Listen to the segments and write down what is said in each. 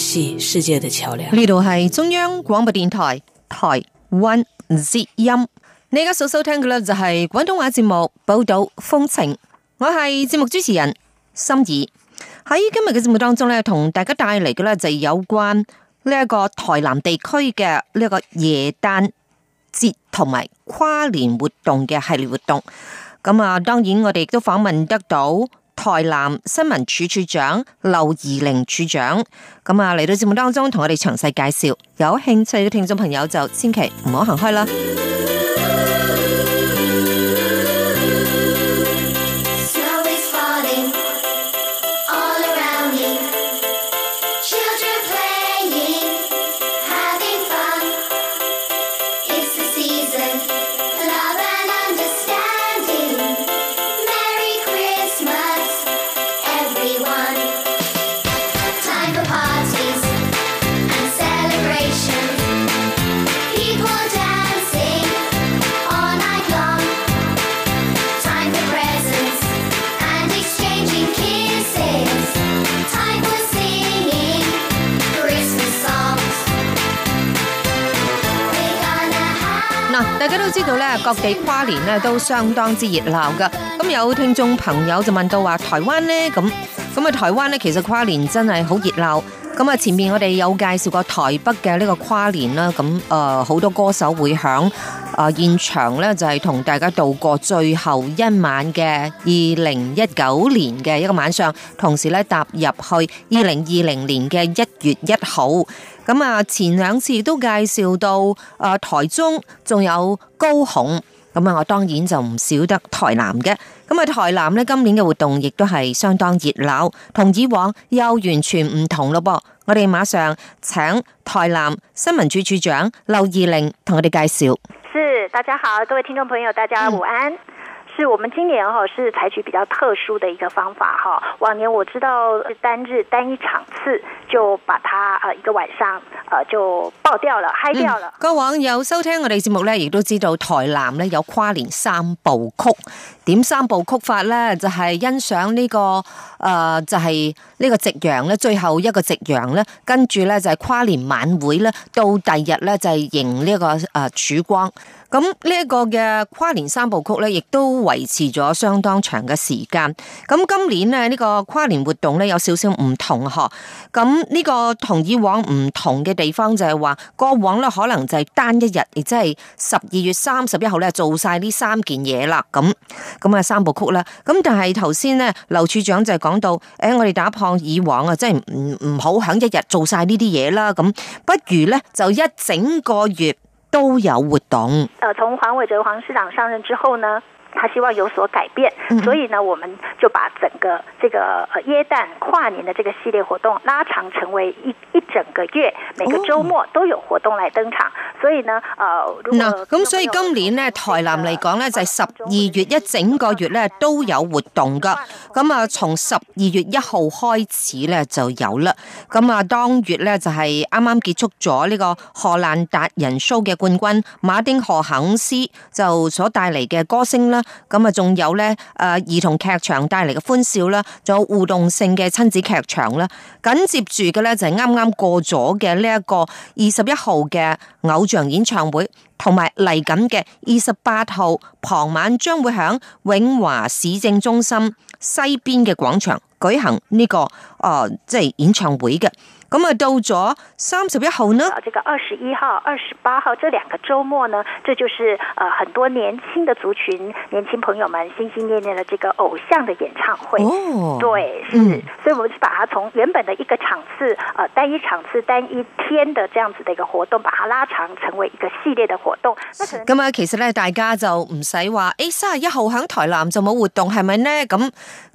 係世界的橋梁。呢度係中央廣播電台台灣之音，你而家收收聽嘅咧就係廣東話節目《報道風情》，我係節目主持人心儀。喺今日嘅節目當中咧，同大家帶嚟嘅咧就係有關呢一個台南地區嘅呢一個耶誕節同埋跨年活動嘅系列活動。咁啊，當然我哋亦都訪問得到。台南新聞處處長劉宜玲處長，咁啊嚟到節目當中同我哋詳細介紹，有興趣嘅聽眾朋友就千祈唔好行開啦。知道咧，各地跨年咧都相當之熱鬧噶。咁有聽眾朋友就問到話，台灣呢？咁咁啊，台灣呢？其實跨年真係好熱鬧。咁啊，前面我哋有介紹過台北嘅呢個跨年啦。咁誒，好多歌手會響啊現場咧，就係同大家度過最後一晚嘅二零一九年嘅一個晚上，同時咧踏入去二零二零年嘅一月一號。咁啊，前兩次都介紹到，誒，台中仲有高雄，咁啊，我當然就唔少得台南嘅。咁啊，台南呢今年嘅活動亦都係相當熱鬧，同以往又完全唔同咯噃。我哋馬上請台南新聞處處長劉儀玲同我哋介紹。是，大家好，各位聽眾朋友，大家午安。是我們今年哈是採取比較特殊的一個方法哈，往年我知道單日單一場次就把它啊一個晚上，呃就爆掉了、嗯、嗨掉了。各位網友收聽我哋節目呢，亦都知道台南呢有跨年三部曲，點三部曲法呢，就係、是、欣賞呢、這個，誒、呃、就係、是、呢個夕陽呢最後一個夕陽呢，跟住呢就係跨年晚會呢到第二日呢、這個，就係迎呢個誒曙光。咁呢一個嘅跨年三部曲咧，亦都維持咗相當長嘅時間。咁今年呢，呢個跨年活動咧有少少唔同嗬。咁呢個同以往唔同嘅地方就係話，過往咧可能就係單一日，亦即係十二月三十一號咧做晒呢三件嘢啦，咁咁啊三部曲啦。咁但係頭先呢，劉處長就係講到，哎，誒我哋打破以往啊，即係唔唔好響一日做晒呢啲嘢啦。咁不如呢，就一整個月都有活動。呃，從黃偉哲黃市長上任之後呢，他希望有所改變，所以呢，我們就把整個這個耶誕跨年的這個系列活動拉長，成為一一整個月，每個周末都有活動來登場。Oh. 所以呢，啊，嗱，咁所以今年咧，台南嚟講咧，就係十二月一整個月咧都有活動噶。咁啊，從十二月一號開始咧就有啦。咁啊，當月咧就係啱啱結束咗呢個荷蘭達人 show 嘅冠軍馬丁何肯斯就所帶嚟嘅歌聲啦。咁啊，仲有咧，誒，兒童劇場帶嚟嘅歡笑啦，仲有互動性嘅親子劇場啦。緊接住嘅咧就係啱啱過咗嘅呢一個二十一號嘅偶像演唱會，同埋嚟緊嘅二十八號傍晚將會響永華市政中心西邊嘅廣場舉行呢、這個誒，即、呃、係、就是、演唱會嘅。咁啊，到咗三十一號呢？這個二十一號、二十八號這兩個周末呢，這就是誒、呃，很多年輕的族群、年輕朋友們心心念念的這個偶像的演唱會。哦，對，是嗯，所以我們就把它從原本的一個場次，誒、呃，單一場次、單一天的這樣子的一個活動，把它拉長成為一個系列的活動。咁啊，其實咧，大家就唔使話，誒，三十一號響台南就冇活動，係咪呢？咁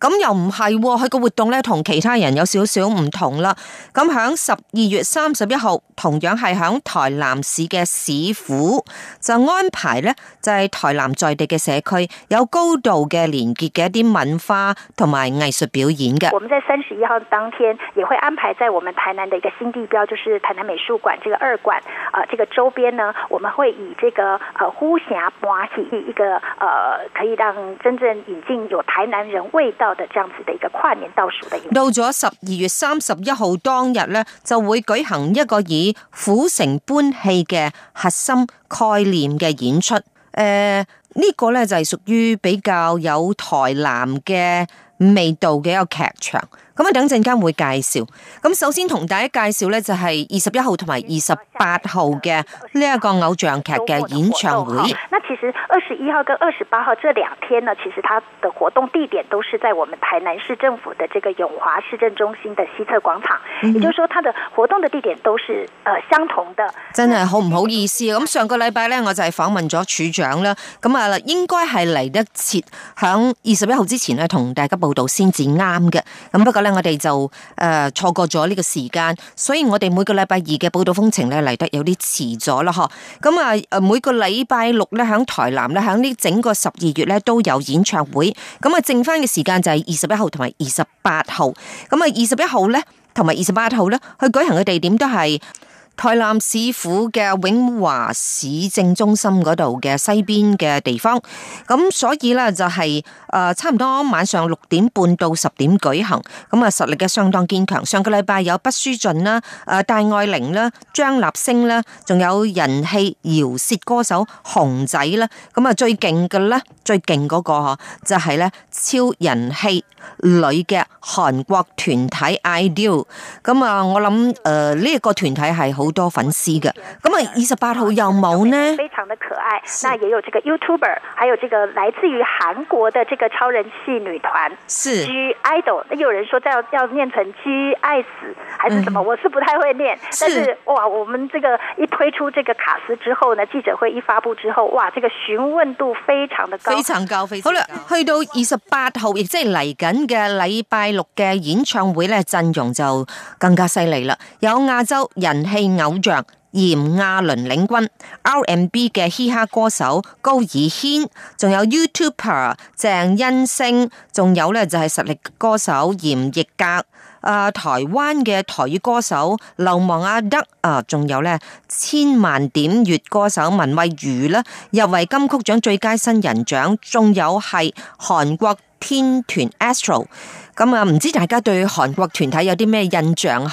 咁又唔係、哦，佢個活動咧同其他人有少少唔同啦。咁喺十二月三十一號，同樣係響台南市嘅市府就安排咧，就係台南在地嘅社區有高度嘅連結嘅一啲文化同埋藝術表演嘅。我們在三十一號當天也會安排在我們台南的一個新地標，就是台南美術館這個二館啊，這個周邊呢，我們會以這個呃呼霞馬戲一個呃可以讓真正引進有台南人味道的這樣子的一個跨年倒數嘅。到咗十二月三十一號當日，就會舉行一個以府城搬戲嘅核心概念嘅演出，誒、呃、呢、這個呢，就係屬於比較有台南嘅味道嘅一個劇場，咁啊等陣間會，會介紹。咁首先同大家介紹咧，就係二十一號同埋二十八號嘅呢一個偶像劇嘅演唱會。嗱，其實二十一號跟二十八號這兩天呢，其實它的活動地點都是在我們台南市政府的這個永華市政中心的西側廣場。也就是說，它的活動的地點都是呃相同的。真係好唔好意思，咁上個禮拜咧，我就係訪問咗處長啦。咁啊，應該係嚟得切響二十一號之前咧，同大家。報道先至啱嘅，咁不過呢，我哋就誒錯過咗呢個時間，所以我哋每個禮拜二嘅報道風情呢，嚟得有啲遲咗啦，嗬。咁啊，每個禮拜六呢，響台南呢，響呢整個十二月呢，都有演唱會。咁啊，剩翻嘅時間就係二十一號同埋二十八號。咁啊，二十一號呢，同埋二十八號呢，去舉行嘅地點都係。台南市府嘅永華市政中心度嘅西邊嘅地方，咁所以咧就係誒差唔多晚上六點半到十點舉行，咁啊實力嘅相當堅強。上個禮拜有畢書盡啦，誒戴愛玲啦，張立升啦，仲有人氣饒舌歌手熊仔啦，咁啊最勁嘅咧最勁個吓就係咧超人氣女嘅韓國團體 ideal 咁啊我諗誒呢一個團體係好。好多粉絲嘅，咁啊二十八號有冇呢？嗯、非常的可愛，那也有這個 YouTuber，還有這個來自於韓國的這個超人氣女團是 G Idol。有人說要要念成 G I S 還是什麼，我是不太會念。但是哇，我們這個一推出這個卡司之後呢，記者會一發布之後，哇，這個詢問度非常的高，非常高，非常高，好啦，去到二十八號，亦即係嚟緊嘅禮拜六嘅演唱會咧，陣容就更加犀利啦，有亞洲人氣。偶像炎亞綸領軍，R&B 嘅嘻哈歌手高爾軒，仲有 YouTuber 鄭茵聲，仲有呢就係實力歌手閻奕格，啊、呃、台灣嘅台語歌手流氓阿德，啊、呃、仲有呢，千萬點閱歌手文慧如啦，入圍金曲獎最佳新人獎，仲有係韓國天團 ASTRO。咁啊，唔知大家對韓國團體有啲咩印象？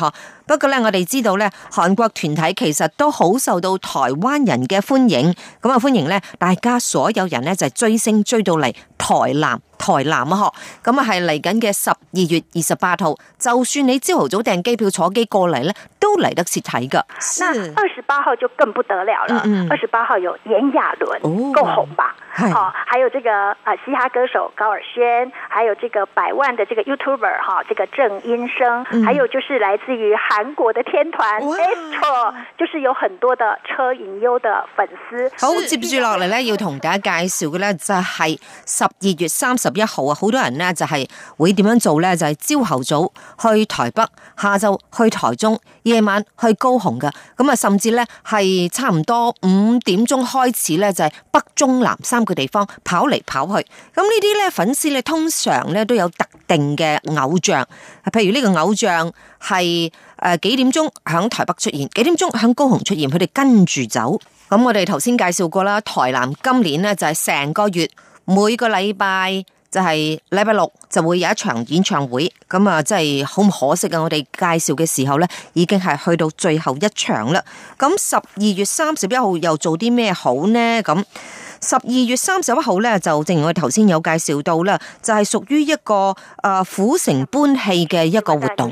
不過呢，我哋知道呢，韓國團體其實都好受到台灣人嘅歡迎。咁啊，歡迎呢，大家所有人呢，就追星追到嚟。台南，台南啊，嗬，咁啊係嚟緊嘅十二月二十八號，就算你朝頭早訂機票坐機過嚟呢，都嚟得切睇噶。嗱，二十八號就更不得了啦！二十八號有炎亞綸，夠、哦、紅吧？係是。哦。好，還有這個啊，嘻哈歌手高爾軒，還有這個百萬的這個 YouTuber 哈、啊，這個鄭茵聲，嗯、還有就是來自於韓國的天團 ASTRO, 哇 or, 就是有很多的車影優的粉絲。是好，接住落嚟呢， 要同大家介紹嘅呢，就係十。二月三十一號啊，好多人呢就係會點樣做呢？就係朝頭早去台北，下晝去台中，夜晚去高雄嘅。咁啊，甚至呢係差唔多五點鐘開始呢，就係北中南三個地方跑嚟跑去。咁呢啲呢，粉絲呢通常呢都有特定嘅偶像，譬如呢個偶像係誒幾點鐘響台北出現，幾點鐘響高雄出現，佢哋跟住走。咁我哋頭先介紹過啦，台南今年呢就係成個月。每個禮拜就係禮拜六就會有一場演唱會，咁啊，即係好唔可惜啊！我哋介紹嘅時候呢，已經係去到最後一場啦。咁十二月三十一號又做啲咩好呢？咁十二月三十一號呢，就正如我哋頭先有介紹到啦，就係屬於一個誒府，啊，城搬戲嘅一個活動。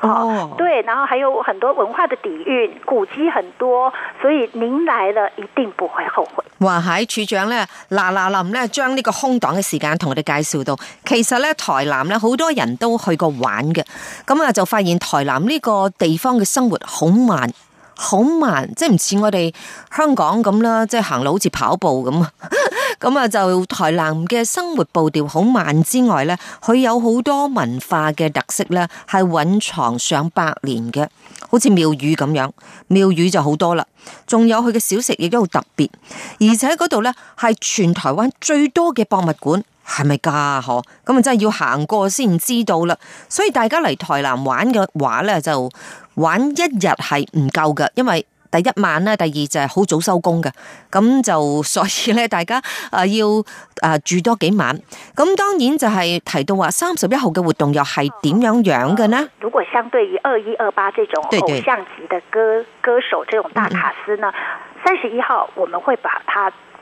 哦，對，然後還有很多文化的底蘊，古跡很多，所以您來了一定不會後悔。哇，喺處長呢，嗱嗱臨呢將呢個空檔嘅時間同我哋介紹到，其實呢，台南呢好多人都去過玩嘅，咁啊就發現台南呢個地方嘅生活好慢，好慢，即係唔似我哋香港咁啦，即係行路好似跑步咁啊。 咁啊，就台南嘅生活步調好慢之外咧，佢有好多文化嘅特色咧，係蘊藏上百年嘅，好似廟宇咁樣，廟宇就好多啦，仲有佢嘅小食亦都好特別，而且嗰度咧係全台灣最多嘅博物館，係咪㗎？嗬，咁啊真係要行過先知道啦，所以大家嚟台南玩嘅話咧，就玩一日係唔夠㗎，因為。第一晚啦，第二就係好早收工嘅。咁就所以咧，大家啊、呃、要啊、呃、住多幾晚。咁當然就係提到話三十一號嘅活動又係點樣樣嘅呢、呃呃？如果相對於二一二八這種偶像級嘅歌歌手這種大卡司呢，三十一號我們會把它。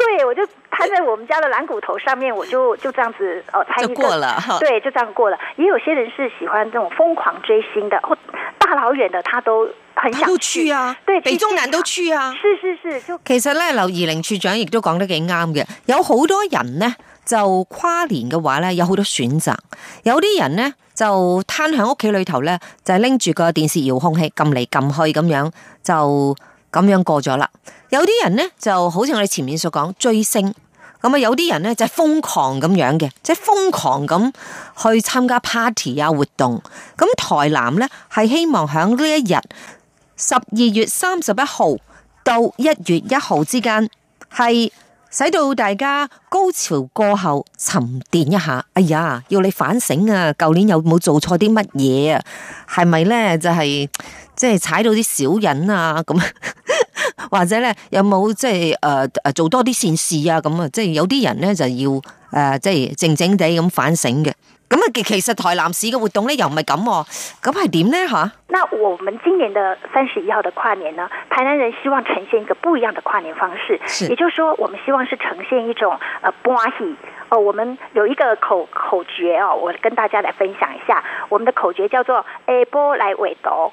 對，我就攤在我們家的懶骨頭上面，我就就這樣子哦，攤過了對，就這樣過了。 也有些人是喜歡這種瘋狂追星的，大老遠的他都很想，很他都去啊，對，北中南都去啊。是是是，就其實呢劉儀玲處長亦都講得幾啱嘅，有好多人呢就跨年嘅話呢有好多選擇，有啲人呢就攤喺屋企裏頭呢就拎住個電視遙控器撳嚟撳去咁樣就。咁樣過咗啦，有啲人呢，就好似我哋前面所講追星，咁啊有啲人呢，就係瘋狂咁樣嘅，即係瘋狂咁去參加 party 啊活動。咁台南呢，係希望響呢一日十二月三十一號到一月一號之間，係使到大家高潮過後沉澱一下。哎呀，要你反省啊！舊年有冇做錯啲乜嘢啊？係咪呢？就係即係踩到啲小人啊咁？或者咧有冇即係誒誒做多啲善事啊咁啊，即係、就是、有啲人咧就要誒即係靜靜地咁反省嘅。咁啊其其實台南市嘅活動咧又唔係咁，咁係點咧吓？那我們今年嘅三十一號嘅跨年呢？台南人希望呈現一個不一樣嘅跨年方式，是，也就是說，我們希望是呈現一種誒歡喜。哦，我們有一個口口訣哦，我跟大家嚟分享一下，我們的口訣叫做、欸、波來尾讀。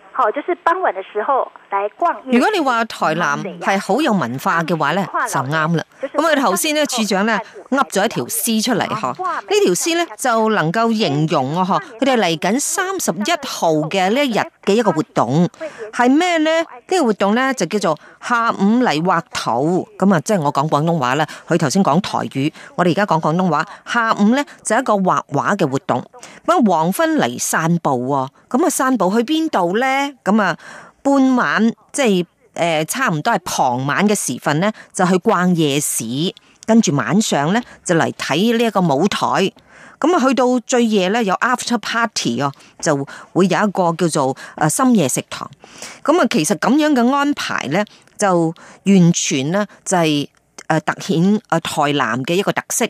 哦，就是傍晚嘅時候來逛。如果你話台南係好有文化嘅話咧，就啱啦。咁我哋頭先呢處長咧噏咗一條詩出嚟，嗬，呢條詩咧就能夠形容啊，嗬，佢哋嚟緊三十一號嘅呢一日嘅一個活動係咩咧？呢個活動咧就叫做下午嚟畫圖，咁啊，即係我講廣東話啦。佢頭先講台語，我哋而家講廣東話。下午咧就一個畫畫嘅活動，咁黃昏嚟散步。咁啊，散步去邊度咧？咁啊，半晚即係誒，就是，差唔多係傍晚嘅時分咧，就去逛夜市，跟住晚上咧就嚟睇呢一個舞台。咁啊，去到最夜咧有 after party 哦，就會有一個叫做誒深夜食堂。咁啊，其實咁樣嘅安排咧，就完全咧就係誒突顯台南嘅一個特色，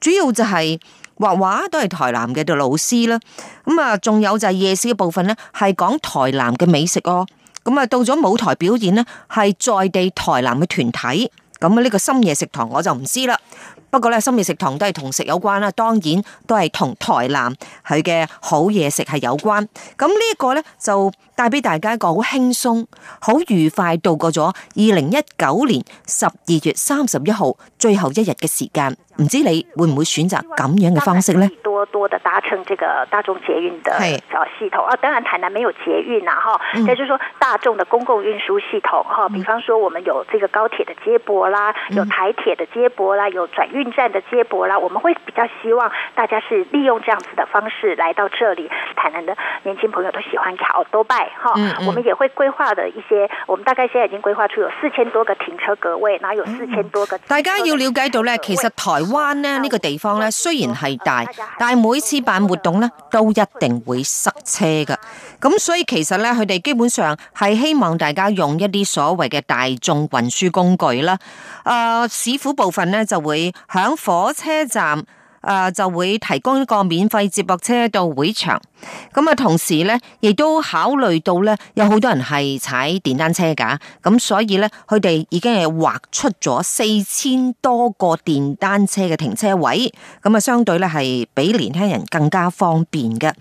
主要就係，是。畫畫都係台南嘅杜老師啦，咁啊，仲有就係夜市嘅部分呢，係講台南嘅美食哦。咁啊，到咗舞台表演呢，係在地台南嘅團體。咁啊，呢個深夜食堂我就唔知啦。不過呢，深夜食堂都係同食有關啦，當然都係同台南佢嘅好嘢食係有關。咁呢個呢就。帶俾大家一個好輕鬆、好愉快度過咗二零一九年十二月三十一號最後一日嘅時間，唔知你會唔會選擇咁樣嘅方式呢？多多的搭乘這個大眾捷運的系統是啊，當然台南沒有捷運啊，哈、嗯，就是說大眾的公共運輸系統，嗯、比方說我們有這個高鐵的接駁啦、嗯、啦，有台鐵的接駁啦，有轉運站的接駁啦，我們會比較希望大家是利用這樣子的方式來到這裏。台南的年輕朋友都喜歡歐多拜。嗯，我們也會規劃的一些，我們大概現在已經規劃出有四千多個停車格位，然後有四千多個。大家要了解到咧，其實台灣呢，呢個地方咧雖然係大，但係每次辦活動呢，都一定會塞車噶。咁所以其實咧，佢哋基本上係希望大家用一啲所謂嘅大眾運輸工具啦。誒、呃，市府部分呢，就會響火車站。誒，就會提供一個免費接駁車到會場。咁啊，同時呢，亦都考慮到呢，有好多人係踩電單車噶，咁所以呢，佢哋已經係劃出咗四千多個電單車嘅停車位。咁啊，相對呢，係比年輕人更加方便嘅。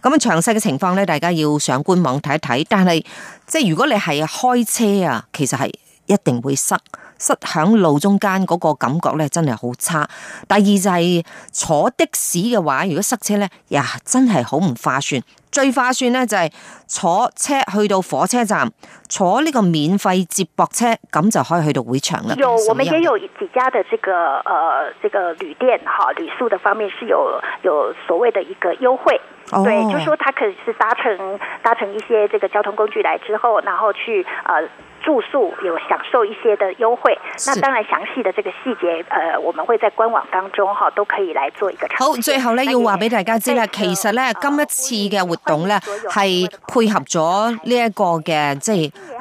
咁詳細嘅情況呢，大家要上官網睇一睇。但係即係如果你係開車啊，其實係一定會塞。塞喺路中間嗰個感覺咧，真係好差。第二就係、是、坐的士嘅話，如果塞車咧，呀真係好唔劃算，最劃算。最劃算咧就係、是、坐車去到火車站，坐呢個免費接駁車，咁就可以去到會場啦。有，我們也有幾家的這個，呃，這個旅店，哈、呃，旅宿的方面是有有所謂的一個優惠，哦、對，就是、說他可以是搭乘搭乘一些這個交通工具來之後，然後去，呃。住宿有享受一些的優惠，那當然詳細的這個細節，呃，我們會在官網當中哈都可以來做一個。好，最後咧要話俾大家知啦，其實咧今一次嘅活動咧係配合咗呢一個嘅即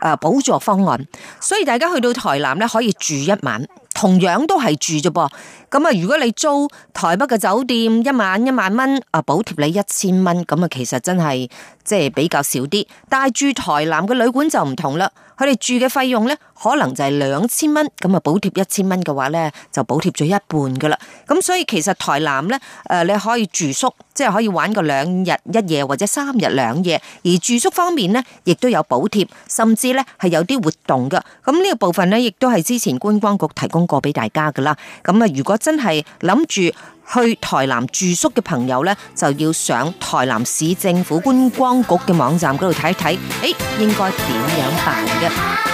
係誒補助方案，所以大家去到台南咧可以住一晚。同樣都係住啫噃，咁啊，如果你租台北嘅酒店一晚一萬蚊，啊補貼你一千蚊，咁啊其實真係即係比較少啲。但係住台南嘅旅館就唔同啦，佢哋住嘅費用咧可能就係兩千蚊，咁啊補貼一千蚊嘅話咧就補貼咗一半噶啦。咁所以其實台南咧，誒，你可以住宿。即係可以玩個兩日一夜或者三日兩夜，而住宿方面呢，亦都有補貼，甚至呢係有啲活動噶。咁呢個部分呢，亦都係之前觀光局提供過俾大家噶啦。咁啊，如果真係諗住去台南住宿嘅朋友呢，就要上台南市政府觀光局嘅網站嗰度睇一睇，誒、欸，應該點樣辦嘅？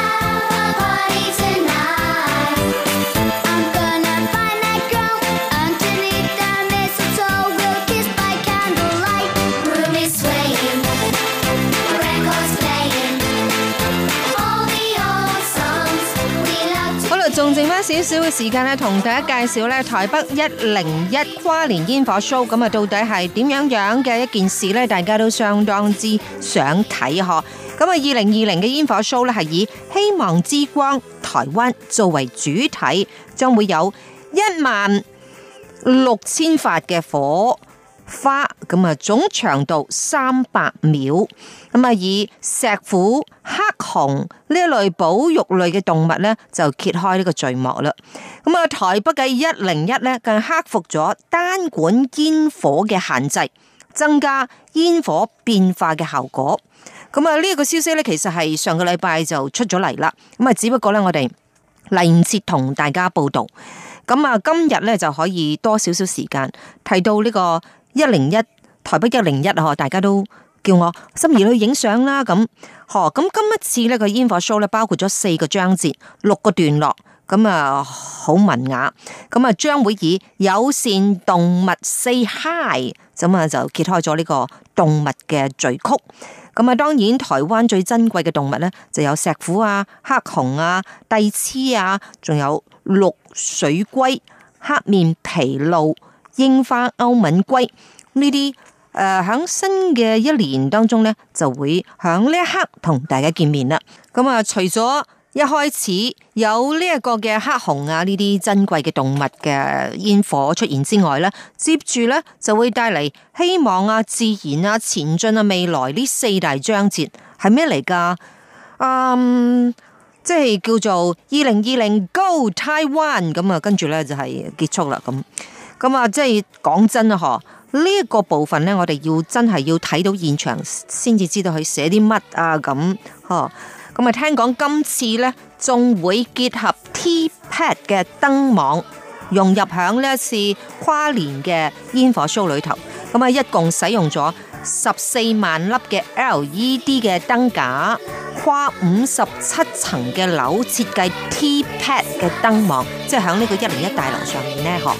少少嘅時間咧，同大家介紹咧台北一零一跨年煙火 show，咁啊到底係點樣樣嘅一件事咧？大家都相當之想睇呵。咁啊，二零二零嘅煙火 show 咧，係以希望之光台灣作為主題，將會有一萬六千發嘅火。花咁啊，總長度三百秒，咁啊以石虎、黑熊呢一類保育類嘅動物咧，就揭開呢個序幕啦。咁啊，台北嘅一零一咧，更克服咗單管煙火嘅限制，增加煙火變化嘅效果。咁啊，呢一個消息咧，其實係上個禮拜就出咗嚟啦。咁啊，只不過咧，我哋嚟唔切同大家報道。咁啊，今日咧就可以多少少時間提到呢、這個。一零一，台北一零一，大家都叫我心怡去影相啦。咁，咁、嗯嗯、今一次呢個煙火 show 包括咗四個章節六個段落，咁啊好文雅，咁啊將會以友善動物 say hi，咁啊就揭開咗呢個動物嘅序曲。咁、嗯、啊，當然台灣最珍貴嘅動物呢，就有石虎啊、黑熊啊、帝雉啊，仲有綠水龜、黑面琵鷺。櫻花、歐文龜呢啲，誒，喺、呃、新嘅一年當中呢，就會喺呢一刻同大家見面啦。咁、嗯、啊，除咗一開始有呢一個嘅黑熊啊，呢啲珍貴嘅動物嘅煙火出現之外呢，接住呢就會帶嚟希望啊、自然啊、前進啊、未來呢四大章節係咩嚟噶？啊、嗯，即係叫做二零二零 Go Taiwan 咁啊，跟、嗯、住呢，就係、是、結束啦咁。嗯咁啊，即係講真啊，嗬！呢一個部分咧，我哋要真係要睇到現場，先至知道佢寫啲乜啊，咁，嗬！咁啊，聽講今次咧，仲會結合 T-Pad 嘅燈網融入響呢一次跨年嘅煙火 show 裏頭。咁啊，一共使用咗十四萬粒嘅 LED 嘅燈架，跨五十七層嘅樓設計 T-Pad 嘅燈網，即係響呢個一零一大樓上面咧，嗬。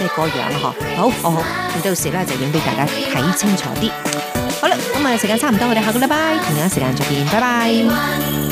即係個樣嗬，好，好好，到時呢就影俾大家睇清楚啲。好啦，咁啊時間差唔多，我哋下個禮拜同樣時間再見，拜拜。